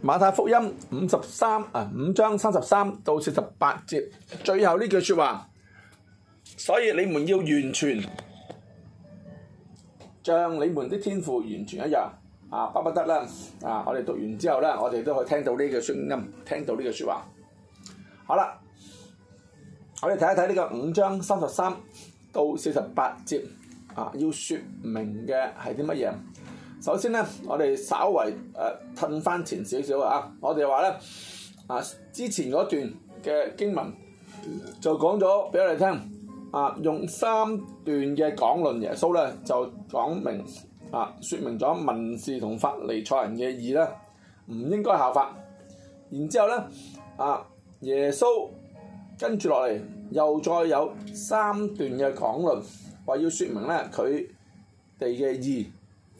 馬太福音五十三啊，五章三十三到四十八節，最後呢句説話，所以你們要完全像你們的天父完全一樣，啊，巴不，不得啦！啊，我哋讀完之後呢，我哋都可以聽到呢個聲音，聽到呢個説話。好啦，我哋睇一睇呢個五章三十三到四十八節啊，要説明嘅係啲乜嘢？首先咧，我哋稍微誒褪翻前少少啊！我哋話咧，啊，之前嗰段嘅經文就講咗俾我哋聽，啊，用三段嘅講論耶穌咧就講明啊，説明咗文士同法利賽人嘅義咧唔應該效法。然之後咧，啊耶穌跟住落嚟又再有三段嘅講論，話要説明咧佢哋嘅義。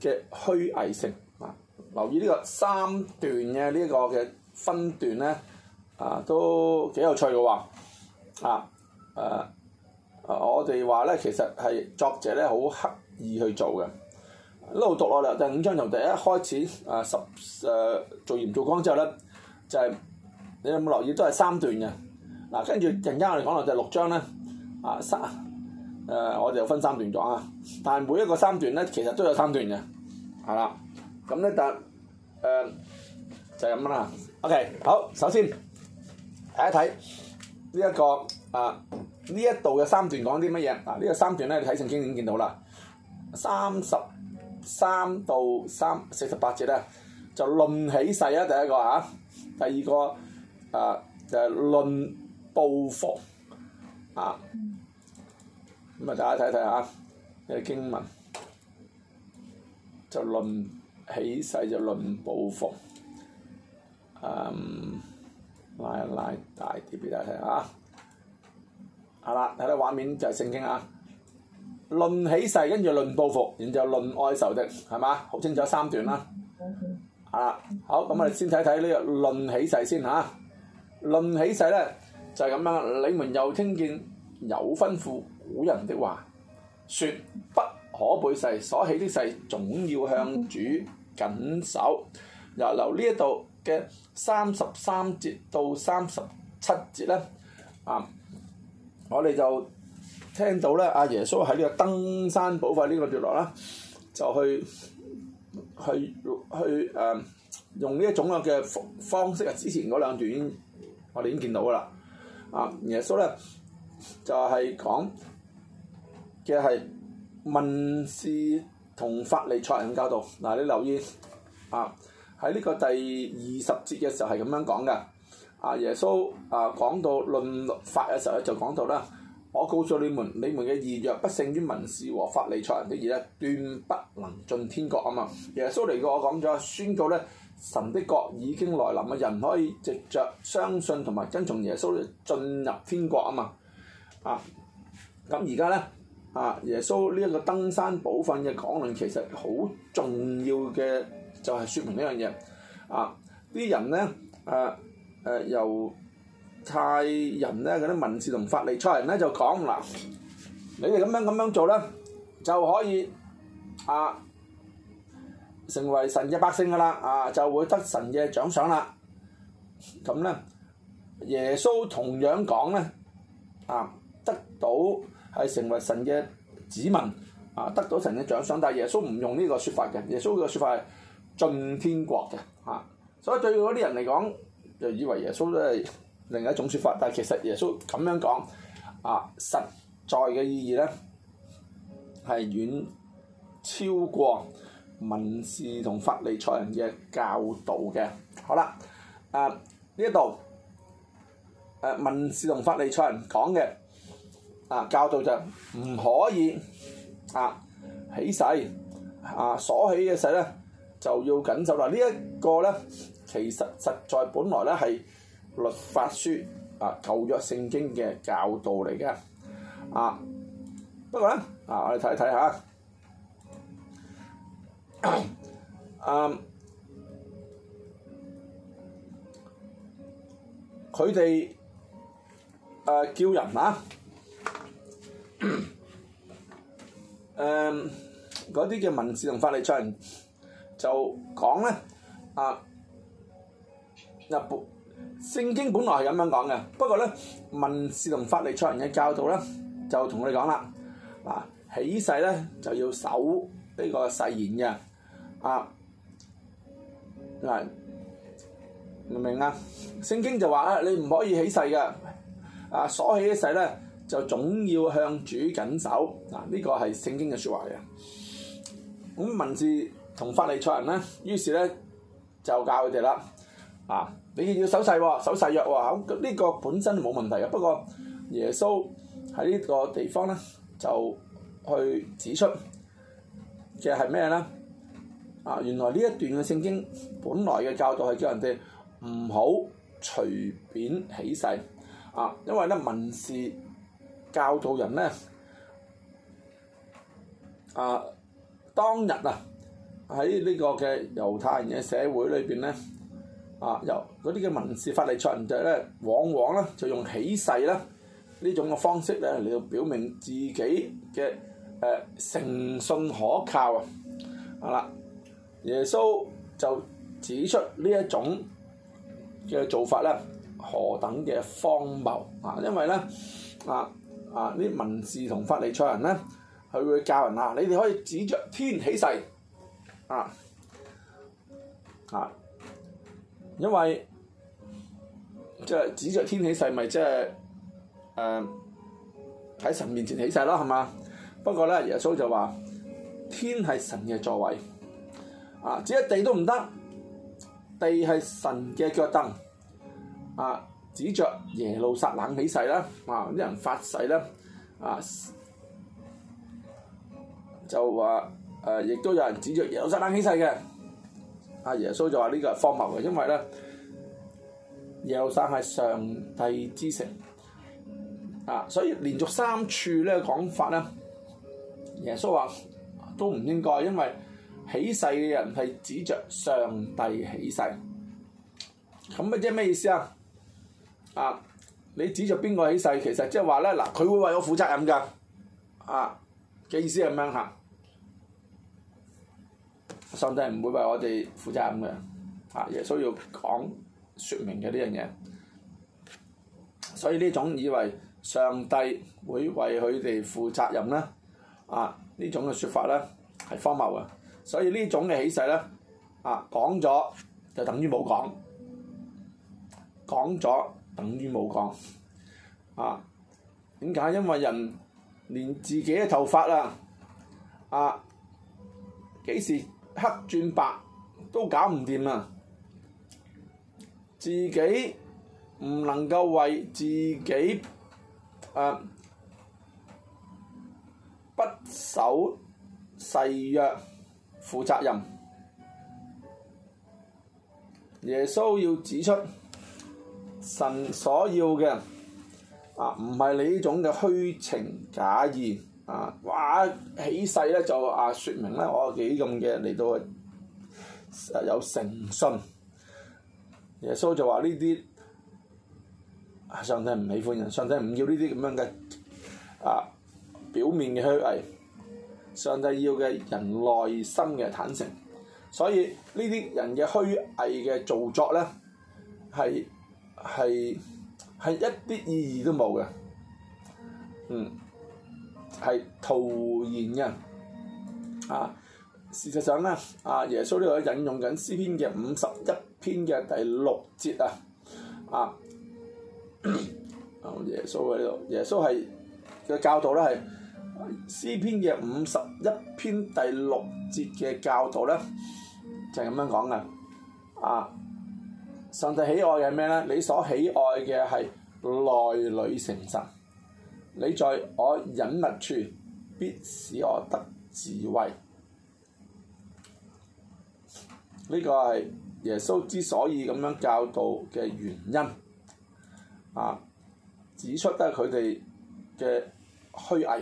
嘅虛偽性啊！留意呢個三段嘅呢一個嘅分段咧啊，都幾有趣嘅喎啊！誒、啊啊、我哋話咧，其實係作者咧好刻意去做嘅。一路讀落嚟，第五章由第一開始啊十誒、啊、做鹽做光之後咧就係、是、你有冇留意都係三段嘅嗱，跟住陣間我哋講到第六章咧啊三。誒、呃，我就分三段講啊，但每一個三段咧，其實都有三段嘅，係啦。咁咧，但誒、呃、就係咁啦。OK，好，首先睇一睇呢一個啊，呢一度嘅三段講啲乜嘢？啊，呢、這個三段咧，你睇聖經已經見到啦。三十三到三四十八節咧，就論起誓啊，第一個吓、啊，第二個誒就係論報復啊。就是咁啊！大家睇睇嚇，啲經文就論起勢，就論報復，嗯，拉一拉大啲俾大家睇嚇，係啦，睇到畫面就係聖經啊。論起勢，跟住論報復，然後就論哀愁敵，係嘛？好清楚三段啦。係。啊！好，咁我哋先睇睇呢個論起勢先嚇。論起勢咧就係咁啦。你們又聽見有吩咐。古人的話，説不可背誓，所起的誓總要向主謹守。由呢一度嘅三十三節到三十七節咧，啊、嗯，我哋就聽到咧，阿耶穌喺呢個登山寶塊呢個段落啦，就去去去誒、嗯，用呢一種樣嘅方式。之前嗰兩段我哋已經見到噶啦，啊、嗯，耶穌咧就係、是、講。嘅係文士同法利賽人教導嗱，你留意啊，喺呢個第二十節嘅時候係咁樣講嘅啊，耶穌啊，講到論律法嘅時候咧就講到啦，我告訴你們，你們嘅義若不勝於文士和法利賽人的義，咧，斷不能進天國。」啊嘛。耶穌嚟過，我講咗宣告咧，神的國已經來臨啊，人可以藉著相信同埋跟從耶穌咧進入天國。」啊嘛啊，咁而家咧。啊！耶穌呢一個登山寶訓嘅講論其實好重要嘅，就係説明呢樣嘢。啊！啲人咧，誒、啊、誒、呃、猶太人咧嗰啲文字同法例，出嚟咧就講嗱，你哋咁樣咁樣做咧，就可以啊成為神嘅百姓噶啦，啊就會得神嘅獎賞啦。咁、啊、咧，耶穌同樣講咧，啊得到。係成為神嘅子民啊，得到神嘅獎賞。但係耶穌唔用呢個説法嘅，耶穌嘅説法係進天國嘅。嚇，所以對嗰啲人嚟講，就以為耶穌都係另一種説法。但係其實耶穌咁樣講啊，實在嘅意義咧係遠超過文士同法利賽人嘅教導嘅。好啦，誒呢一度誒文士同法利賽人講嘅。啊，教導就唔可以啊起誓，啊所起嘅誓咧就要緊守啦。呢一個咧，其實實在本來咧係律法書啊舊約聖經嘅教導嚟嘅。啊，不過咧啊，我哋睇一睇吓，啊佢哋誒叫人啊。誒嗰啲叫文士同法利賽人就講咧，啊，日本聖經本來係咁樣講嘅，不過咧文士同法利賽人嘅教導咧就同我哋講啦，嗱、啊、起誓咧就要守呢個誓言嘅，啊嗱明唔明啊？聖經就話啦，你唔可以起誓嘅，啊所起嘅誓咧。就總要向主緊守，嗱、啊、呢、這個係聖經嘅說話嚟嘅。咁、嗯、文士同法利賽人咧，於是咧就教佢哋啦，啊，你哋要守誓喎、哦，守誓約喎，咁、這、呢個本身就冇問題嘅。不過耶穌喺呢個地方咧就去指出嘅係咩咧？啊，原來呢一段嘅聖經本來嘅教導係叫人哋唔好隨便起誓，啊，因為咧文士。教導人咧，啊，當日啊，喺呢個嘅猶太人嘅社會裏邊咧，啊，由嗰啲嘅民事法例措行者咧，往往咧就用起誓啦呢種嘅方式咧嚟到表明自己嘅誒誠信可靠啊，好、啊、啦，耶穌就指出呢一種嘅做法咧何等嘅荒謬啊，因為咧啊～啊！啲文士同法利賽人咧，佢會教人啊！你哋可以指着天起誓，啊啊！因為即係、就是、指着天起誓，咪即係誒喺神面前起誓咯，係嘛？不過咧，耶穌就話天係神嘅座位，啊！指一地都唔得，地係神嘅腳凳，啊！指著耶路撒冷起誓啦，啊啲人發誓咧，啊就話誒，亦都有人指著耶路撒冷起誓嘅。阿耶穌就話呢個係荒謬嘅，因為咧耶路撒係上帝之城啊，所以連續三處呢個講法咧，耶穌話都唔應該，因為起誓嘅人係指著上帝起誓，咁嘅即係咩意思啊？啊！你指著邊個起誓？其實即係話咧，嗱佢會為我負責任㗎。啊嘅意思係咁樣行，上帝唔會為我哋負責任嘅。啊，耶穌要講説明嘅呢樣嘢，所以呢種以為上帝會為佢哋負責任咧，啊呢種嘅説法咧係荒謬嘅。所以呢種嘅起誓咧，啊講咗就等於冇講，講咗，等於冇講，啊？點解？因為人連自己嘅頭髮啊，啊，幾時黑轉白都搞唔掂啊！自己唔能夠為自己、啊、不守誓約負責任，耶穌要指出。神所要嘅啊，唔係你呢種嘅虛情假意啊！哇，起勢咧就啊，説明咧我有幾咁嘅嚟到啊有誠信。耶穌就話呢啲啊，上帝唔喜歡人，上帝唔要呢啲咁樣嘅啊表面嘅虛偽。上帝要嘅人內心嘅坦誠，所以呢啲人嘅虛偽嘅造作咧係。係係一啲意義都冇嘅，嗯，係徒然嘅，啊，事實上咧，啊耶穌呢度引用緊詩篇嘅五十一篇嘅第六節啊，啊，啊耶穌喺度，耶穌係嘅教徒，咧係詩篇嘅五十一篇第六節嘅教徒咧，就係、是、咁樣講嘅，啊。上帝喜愛嘅係咩咧？你所喜愛嘅係內裏誠實，你在我隱密處必使我得智慧。呢、這個係耶穌之所以咁樣教導嘅原因。啊，指出得佢哋嘅虛偽。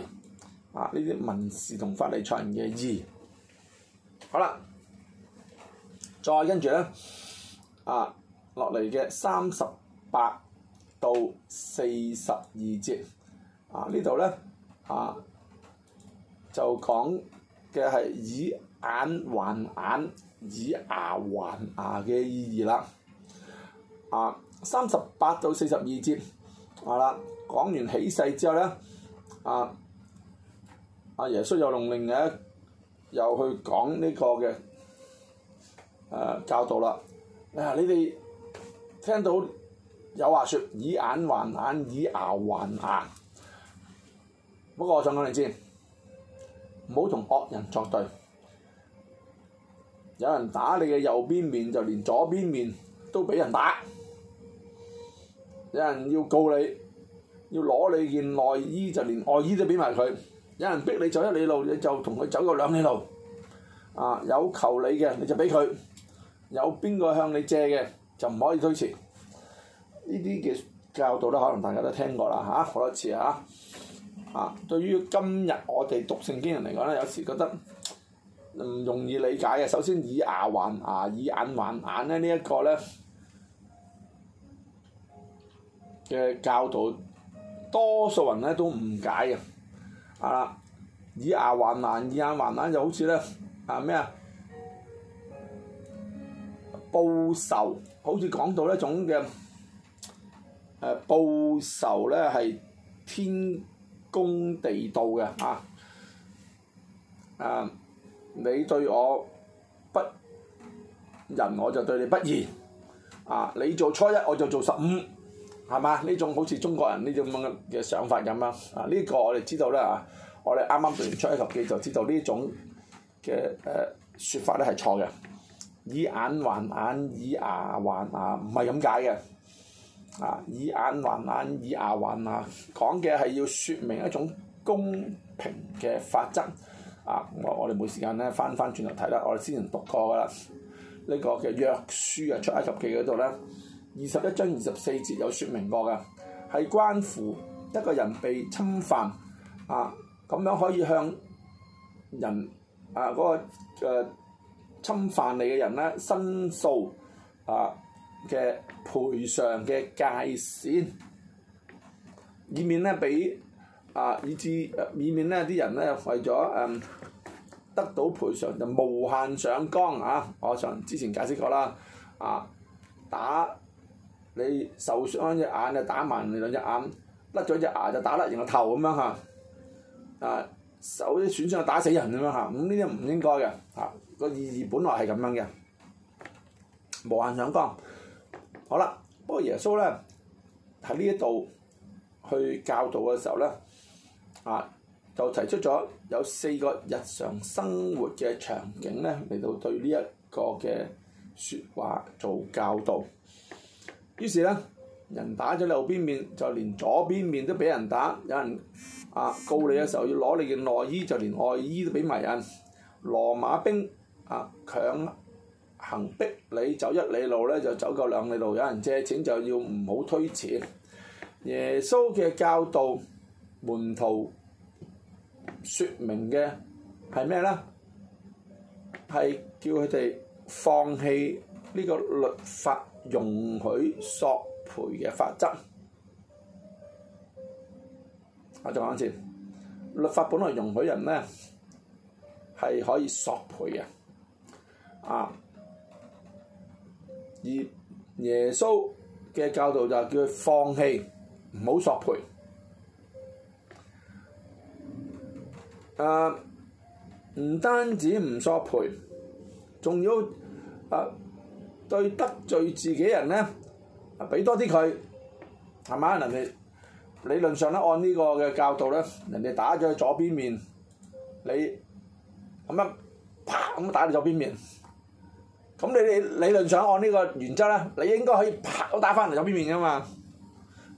啊，呢啲文士同法利賽人嘅義。好啦，再跟住咧，啊。落嚟嘅三十八到四十二節，啊，呢度咧啊，就講嘅係以眼還眼，以牙還牙嘅意義啦。啊，三十八到四十二節，係啦，講完起誓之後咧，啊、啊耶穌又用另一又去講呢個嘅誒、啊、教導啦。啊你哋～聽到有話説以眼還眼，以牙還牙，不過我想講你知，唔好同惡人作對。有人打你嘅右邊面，就連左邊面都俾人打；有人要告你，要攞你件內衣，就連外衣都俾埋佢；有人逼你走一里路，你就同佢走夠兩里路。啊，有求你嘅你就俾佢，有邊個向你借嘅，就唔可以推遲，呢啲嘅教導咧，可能大家都聽過啦嚇，好多次啊嚇。啊，對於今日我哋讀聖經人嚟講咧，有時覺得唔容易理解嘅。首先以牙還牙，以眼還眼咧，呢一個咧嘅教導，多數人咧都誤解嘅。啊，以牙還眼，以眼還眼就好似咧啊咩啊？報仇，好似講到一種嘅誒、呃、報仇咧，係天公地道嘅啊！啊，你對我不仁，我就對你不義。啊，你做初一，我就做十五，係嘛？呢種好似中國人呢種咁嘅想法咁樣啊！呢、呢個我哋知道啦啊！我哋啱啱讀完《出埃及記》就知道呢種嘅誒説法咧係錯嘅。以眼還眼，以牙還牙，唔係咁解嘅。啊，以眼還眼，以牙還牙，講嘅係要説明一種公平嘅法則。啊，我我哋冇時間咧，翻翻轉頭睇啦。我哋先前讀過啦，呢、這個嘅約書啊，出埃及記嗰度咧，二十一章二十四節有説明過嘅，係關乎一個人被侵犯，啊，咁樣可以向人啊嗰、那個、呃侵犯你嘅人咧，申訴啊嘅賠償嘅界線，以免咧俾啊以致、呃、以免咧啲人咧為咗誒、嗯、得到賠償就無限上綱啊！我上之前解釋過啦啊，打你受傷一隻眼就打埋你兩隻眼，甩咗一隻牙就打甩人個頭咁樣嚇，啊手啲損傷就打死人咁樣嚇，咁呢啲唔應該嘅嚇。啊個意義本來係咁樣嘅，無限想光。好啦，不過耶穌咧喺呢一度去教導嘅時候咧，啊就提出咗有四個日常生活嘅場景咧嚟到對呢一個嘅説話做教導。於是咧，人打咗你右邊面，就連左邊面都俾人打；有人啊告你嘅時候，要攞你件內衣，就連外衣都俾埋人。羅馬兵。啊！強行逼你走一里路咧，就走夠兩里路。有人借錢，就要唔好推辭。耶穌嘅教導門徒説明嘅係咩咧？係叫佢哋放棄呢個律法容許索賠嘅法則。我再講一次，律法本來容許人咧係可以索賠嘅。啊！而耶穌嘅教導就係叫佢放棄，唔好索賠。誒、啊，唔單止唔索賠，仲要誒、啊、對得罪自己人咧，誒俾多啲佢，係咪？人哋理論上咧，按呢個嘅教導咧，人哋打咗佢左邊面，你咁樣啪咁打你左邊面。咁你理理論上按呢個原則咧，你應該可以拍打翻嚟左邊面噶嘛？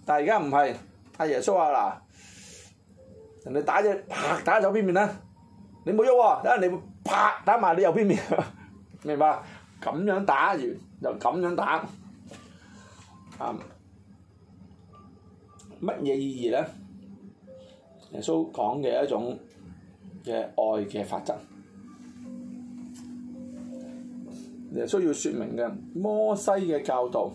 但係而家唔係，阿耶穌話嗱，人哋打只拍打左邊面啦，你冇喐喎，等為你拍打埋你右邊面，明白？咁樣打完就咁樣打，啊、嗯，乜嘢意義咧？耶穌講嘅一種嘅愛嘅法則。耶穌要說明嘅摩西嘅教導，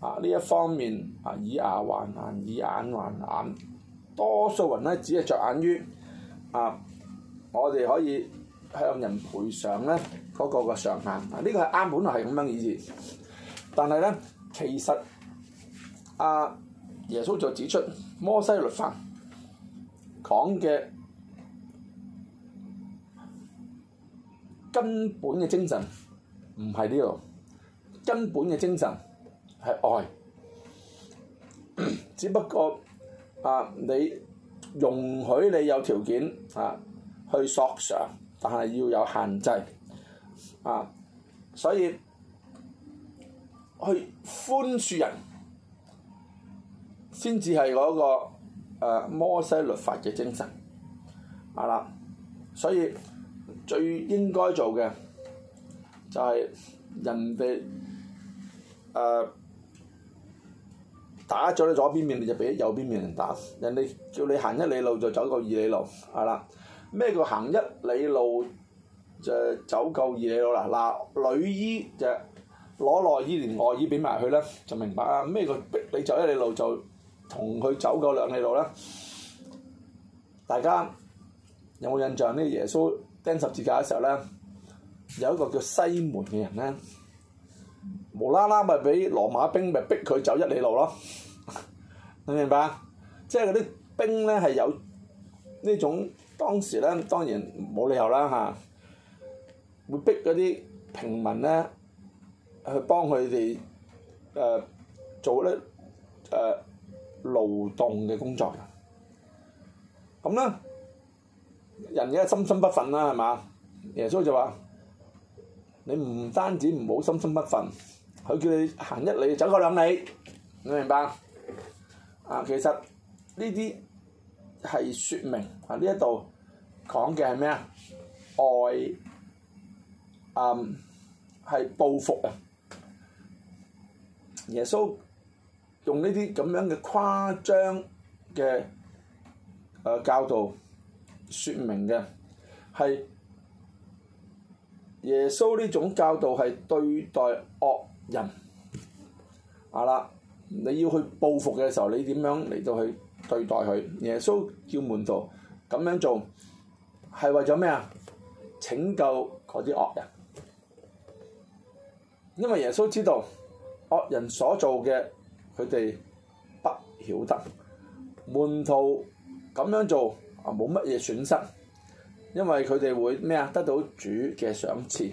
啊呢一方面啊以牙還牙，以眼還眼，多數人咧只係着眼於啊我哋可以向人賠償咧嗰、那個嘅上限，啊呢個係啱本來係咁樣嘅意思，但係咧其實啊耶穌就指出摩西律法講嘅根本嘅精神。唔係，呢個根本嘅精神係愛，只不過啊你容許你有條件啊去索償，但係要有限制啊，所以去寬恕人先至係嗰個、啊、摩西律法嘅精神啊啦，所以最應該做嘅。就係人哋誒、呃、打咗你左邊面，你就俾右邊面人打。人哋叫你行一里路就走夠二里路，係啦。咩叫行一里路就走夠二里路啦？嗱，女醫就攞內衣連外衣俾埋佢啦，就明白啦。咩叫逼你走一里路就同佢走夠兩里路咧、啊就是？大家有冇印象咧？耶穌釘十字架嘅時候咧？有一個叫西門嘅人咧，無啦啦咪俾羅馬兵咪逼佢走一里路咯， 你明白？即係嗰啲兵咧係有呢種，當時咧當然冇理由啦吓，會逼嗰啲平民咧去幫佢哋誒做啲誒勞動嘅工作。咁咧，人嘅心生不忿啦係嘛？耶穌就話。你唔單止唔好心心不忿，佢叫你行一里走個兩里，你明白？啊，其實呢啲係説明啊，呢一度講嘅係咩啊？愛啊，係報復啊！耶穌用呢啲咁樣嘅誇張嘅誒教導説明嘅係。耶穌呢種教導係對待惡人啊啦，你要去報復嘅時候，你點樣嚟到去對待佢？耶穌叫門徒咁樣做，係為咗咩啊？拯救嗰啲惡人，因為耶穌知道惡人所做嘅，佢哋不曉得，門徒咁樣做啊冇乜嘢損失。因為佢哋會咩啊？得到主嘅賞賜，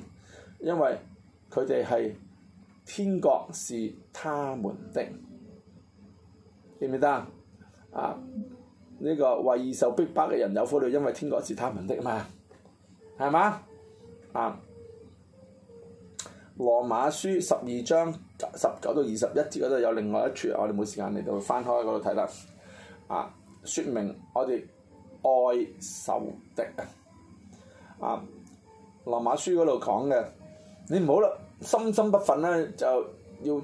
因為佢哋係天國是他們的，記唔記得啊？呢、這個為義受逼迫嘅人有福了，因為天國是他們的嘛，係嘛？啊，《羅馬書》十二章十九到二十一節嗰度有另外一處，我哋冇時間嚟到翻開嗰度睇啦。啊，説明我哋愛仇敵啊！啊，羅馬書嗰度講嘅，你唔好啦，心心不憤咧、啊，就要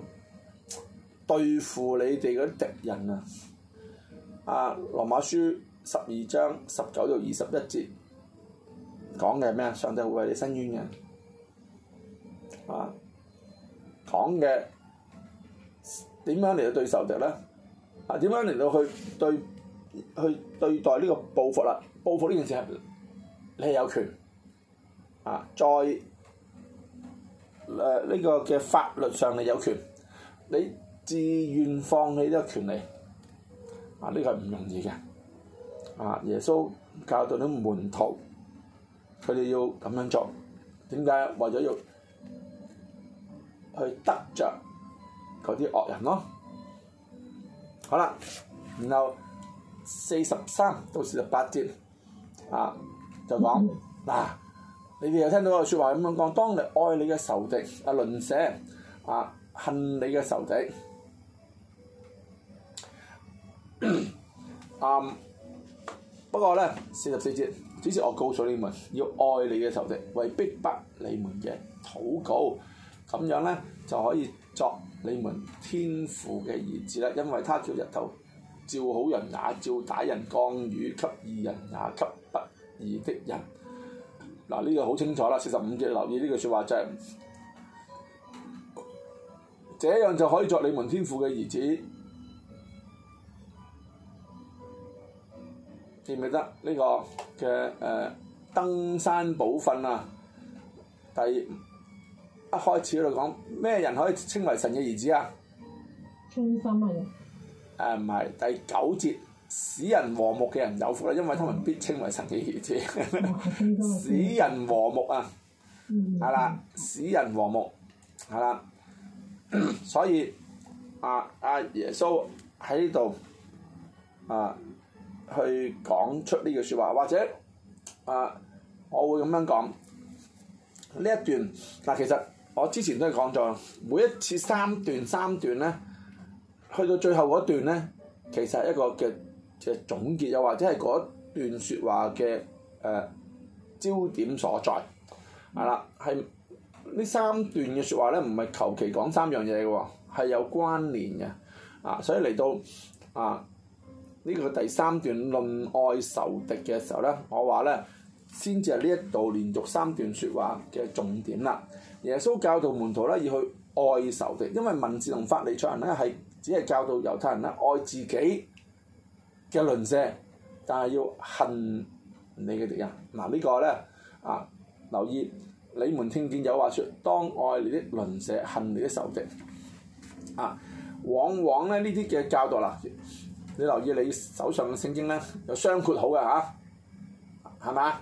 對付你哋嗰啲敵人啊！啊，羅馬書十二章十九到二十一節講嘅係咩啊？上帝會為你伸冤嘅，啊，講嘅點樣嚟到對仇敵咧？啊，點樣嚟到去對去對待呢個報復啦、啊？報復呢件事係你係有權。啊！在誒呢個嘅法律上係有權，你自願放棄呢個權利，啊，呢個係唔容易嘅，啊，耶穌教導啲門徒，佢哋要咁樣做，點解？為咗要去得著嗰啲惡人咯，好啦，然後四十三到四十八節，啊，就講嗱。你哋又聽到個説話咁樣講，當你愛你嘅仇敵，啊鄰舍，啊恨你嘅仇敵，啊、 um，不過咧四十四節，只是我告訴你們，要愛你嘅仇敵，為逼迫你們嘅禱告，咁樣咧就可以作你們天父嘅兒子啦，因為他叫日頭照好人也照歹人，降雨給義人也給不義的人。嗱，呢個好清楚啦，四十五節留意呢句説話，就係、是、這樣就可以作你們天父嘅兒子。記唔記得呢、這個嘅誒、呃、登山寶訓啊？第一開始喺度講咩人可以稱為神嘅兒子啊？清心啊！唔係、呃，第九節。使人和睦嘅人有福啦，因為他們必稱為神嘅兒子。 使人和睦啊，係啦，使人和睦係啦， 所以阿阿、啊啊、耶穌喺呢度啊去講出呢句説話，或者啊，我會咁樣講呢一段嗱、啊，其實我之前都係講咗，每一次三段三段咧，去到最後嗰段咧，其實一個嘅。即係總結，又或者係嗰段説話嘅誒、呃、焦點所在，係、啊、啦，係呢三段嘅説話咧，唔係求其講三樣嘢嘅喎，係有關聯嘅，啊，所以嚟到啊呢、這個第三段論愛仇敵嘅時候咧，我話咧先至係呢一度連續三段説話嘅重點啦。耶穌教導門徒咧要去愛仇敵，因為文字同法利賽人咧係只係教導猶太人啦，愛自己嘅鄰舍，但係要恨你嘅敵人。嗱、這個、呢個咧啊，留意你們聽見有話説，當愛你的鄰舍恨你的仇敵。啊，往往咧呢啲嘅教導啦、啊，你留意你手上嘅聖經咧有雙括號嘅嚇，係咪啊？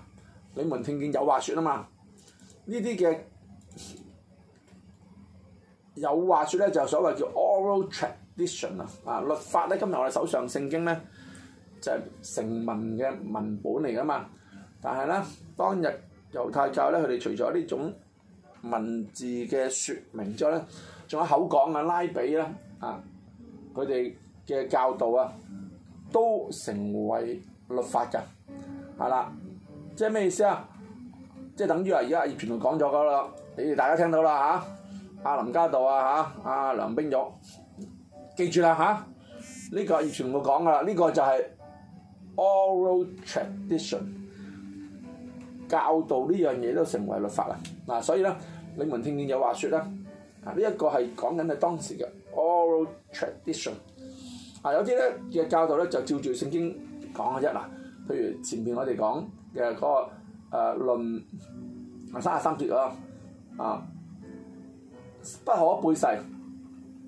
你們聽見有話説啊嘛，呢啲嘅有話説咧就是、所謂叫 oral tradition 啦。啊，律法咧今日我哋手上嘅聖經咧。就係成文嘅文本嚟噶嘛，但係咧，當日猶太教咧，佢哋除咗呢種文字嘅説明之外咧，仲有口講啊，拉比啦，啊，佢哋嘅教導啊，都成為律法㗎，係啦，即係咩意思啊？即係等於話而家葉全龍講咗噶啦，你哋大家聽到啦嚇，阿林家道啊嚇，阿梁冰玉，記住啦嚇，呢個葉全龍會講噶啦，呢個就係，oral tradition 教導呢樣嘢都成為律法啦。嗱、啊，所以咧，你們聽見有話説咧，啊呢一個係講緊係當時嘅 oral tradition。啊，有啲咧嘅教導咧就照住聖經講嘅啫啦。譬、啊、如前邊我哋講嘅嗰個誒、啊、論三十三節咯，啊不可背誓，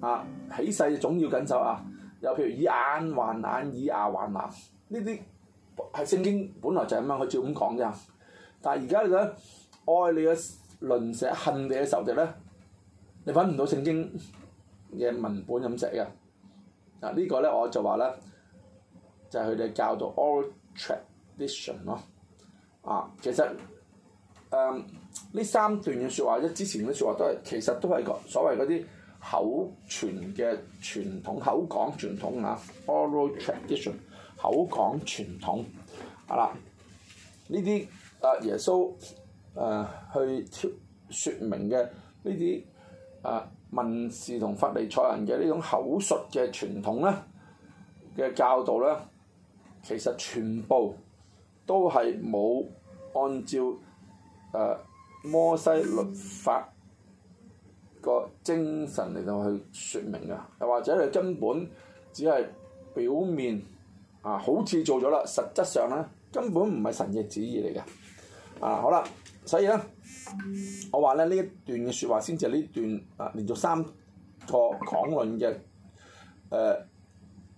啊，起誓總要緊守啊。又譬如以眼還眼，以牙還牙。呢啲係聖經本來就咁樣，佢照咁講咋。但係而家你想愛你嘅鄰舍、恨你嘅仇敵咧，你揾唔到聖經嘅文本咁寫嘅。嗱、這個、呢個咧我就話咧，就係佢哋教導 oral tradition 咯。啊，其實誒呢、呃、三段嘅説話，即之前嘅啲説話都係其實都係所謂嗰啲。口傳嘅傳統，口講傳統啊，oral tradition，口講傳統啊啦，呢啲啊耶穌啊去説明嘅呢啲啊文士同法利賽人嘅呢種口述嘅傳統咧嘅教導咧，其實全部都係冇按照誒、啊、摩西律法個精神嚟到去説明嘅，又或者佢根本只係表面啊，好似做咗啦，實質上咧根本唔係神嘅旨意嚟嘅。啊，好啦，啊，所以咧，我話咧呢一段嘅説話先至係呢段啊連續三個講論嘅誒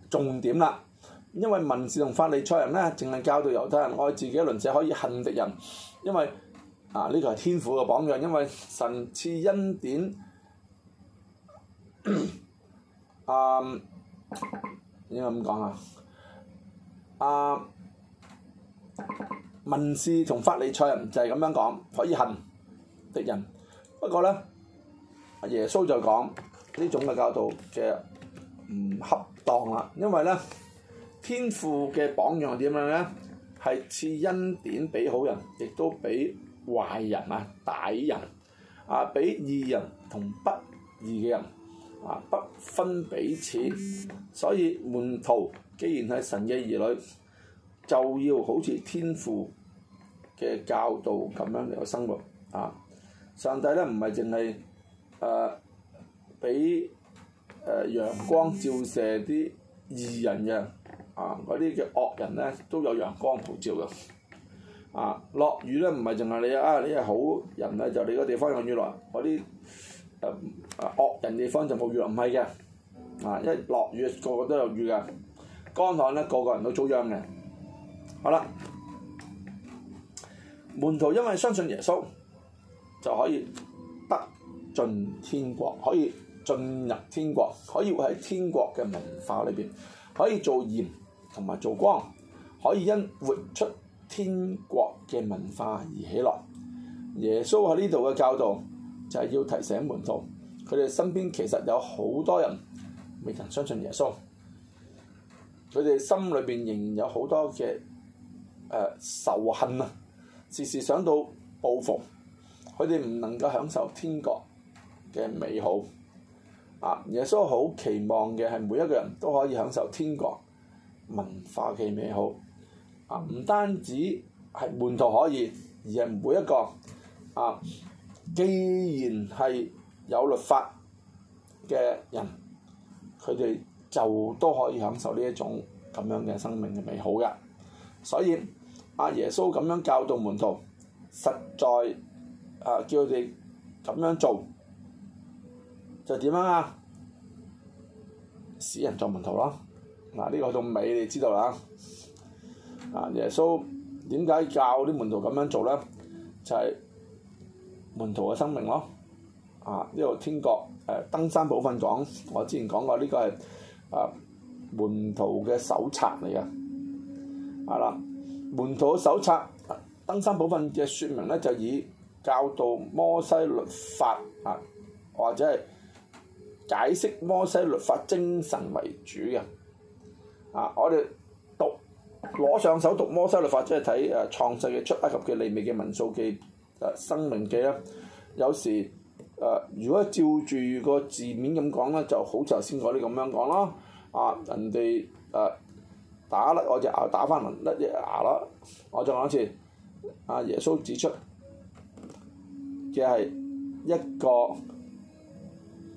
重點啦。因為文士同法利賽人咧，淨係教導猶太人愛自己嘅鄰舍，可以恨敵人，因為啊呢個係天父嘅榜樣，因為神賜恩典。啊，點解咁講啊？啊，文士同法理賽人就係咁樣講，可以恨敵人。不過咧，耶穌就講呢種嘅教導嘅唔恰當啦，因為咧天父嘅榜樣係點樣咧，係賜恩典俾好人，亦都俾壞人啊、歹人啊、俾義人同不義嘅人。啊！不分彼此，所以門徒既然係神嘅兒女，就要好似天父嘅教導咁樣嚟生活。啊！上帝咧唔係淨係誒俾誒陽光照射啲義人嘅，啊嗰啲叫惡人咧都有陽光普照嘅。啊！落雨咧唔係淨係你啊，你係好人啊，就你個地方落雨落，啲～就惡人地方就冇雨，唔係嘅，啊一落雨個個都有雨嘅，乾旱咧個個人都遭殃嘅，好啦，門徒因為相信耶穌就可以得進天國，可以進入天國，可以喺天國嘅文化裏邊，可以做鹽同埋做光，可以因活出天國嘅文化而喜樂。耶穌喺呢度嘅教導，就係要提醒門徒，佢哋身邊其實有好多人未曾相信耶穌，佢哋心裏邊仍然有好多嘅、呃、仇恨啊，時時想到報復，佢哋唔能夠享受天國嘅美好。啊，耶穌好期望嘅係每一個人都可以享受天國文化嘅美好。啊，唔單止係門徒可以，而係每一個啊。既然係有律法嘅人，佢哋就都可以享受呢一種咁樣嘅生命嘅美好嘅，所以阿耶穌咁樣教導門徒，實在誒、呃、叫佢哋咁樣做，就點樣啊？使人做門徒咯，嗱、啊、呢、這個就到尾，你哋知道啦。啊，耶穌點解教啲門徒咁樣做咧？就係、是。門徒嘅生命咯，啊，呢個天國誒登、呃、山部分講，我之前講過呢、這個係誒門徒嘅手冊嚟嘅，係、呃、啦，門徒嘅手冊登、啊、山部分嘅說明咧就以教導摩西律法啊或者係解釋摩西律法精神為主嘅，啊，我哋讀攞上手讀摩西律法，即係睇誒創世嘅出埃及嘅利未嘅民數記。生命記》咧，有時誒、呃，如果照住個字面咁講咧，就好似頭先嗰啲咁樣講咯。啊，人哋誒、啊、打甩我隻牙，打翻甩隻牙咯。我仲講一次，阿、啊、耶穌指出嘅係一個，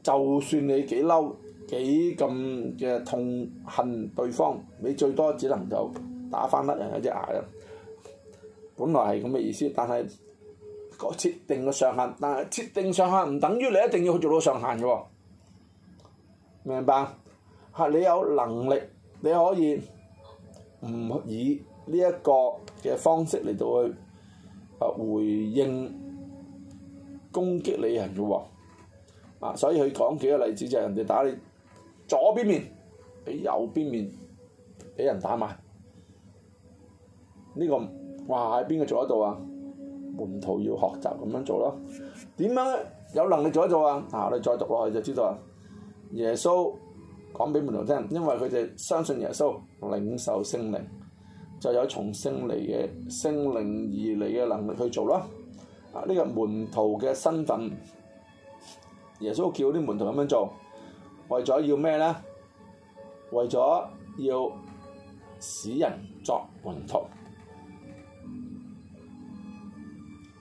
就算你幾嬲幾咁嘅痛恨對方，你最多只能就打翻甩人一隻牙嘅。本來係咁嘅意思，但係，個設定嘅上限，但係設定上限唔等於你一定要去做到上限嘅喎，明白？係你有能力，你可以唔以呢一個嘅方式嚟到去啊回應攻擊你人嘅喎，啊！所以佢講幾個例子就係人哋打你左邊面，俾右邊面俾人打埋，呢個哇係邊個做得到啊？門徒要學習咁樣做咯，點樣有能力做一做啊？嚇、啊，你再讀落去就知道啦。耶穌講俾門徒聽，因為佢哋相信耶穌領受聖靈，就有從聖靈嘅聖靈而嚟嘅能力去做咯。啊，呢、這個門徒嘅身份，耶穌叫啲門徒咁樣做，為咗要咩咧？為咗要使人作門徒。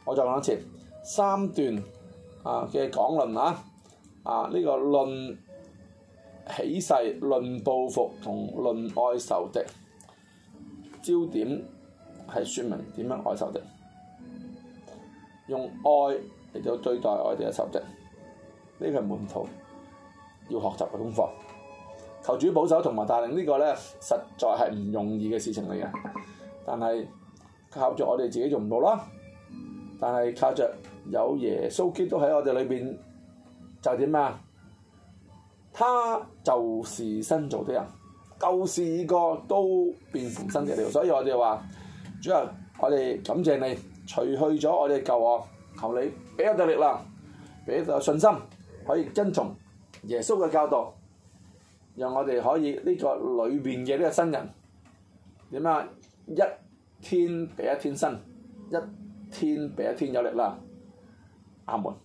我再講一次，三段啊嘅講論啊，啊、這、呢個論起誓、論報復同論愛仇敵，焦點係説明點樣愛仇敵，用愛嚟到對待我哋嘅仇敵，呢個係門徒要學習嘅功課。求主保守同埋帶領個呢個咧，實在係唔容易嘅事情嚟嘅，但係靠住我哋自己做唔到啦。但係靠着有耶穌基督喺我哋裏邊，就點、是、啊？他就是新造的人，舊事個都變成新嘅了。所以我哋話，主啊，我哋感謝你，除去咗我哋嘅舊我，求你俾一個力量，俾一個信心可以跟從耶穌嘅教導，讓我哋可以呢、這個裏邊嘅呢個新人，點啊？一天比一天新一。一天比一天有力啦，阿門。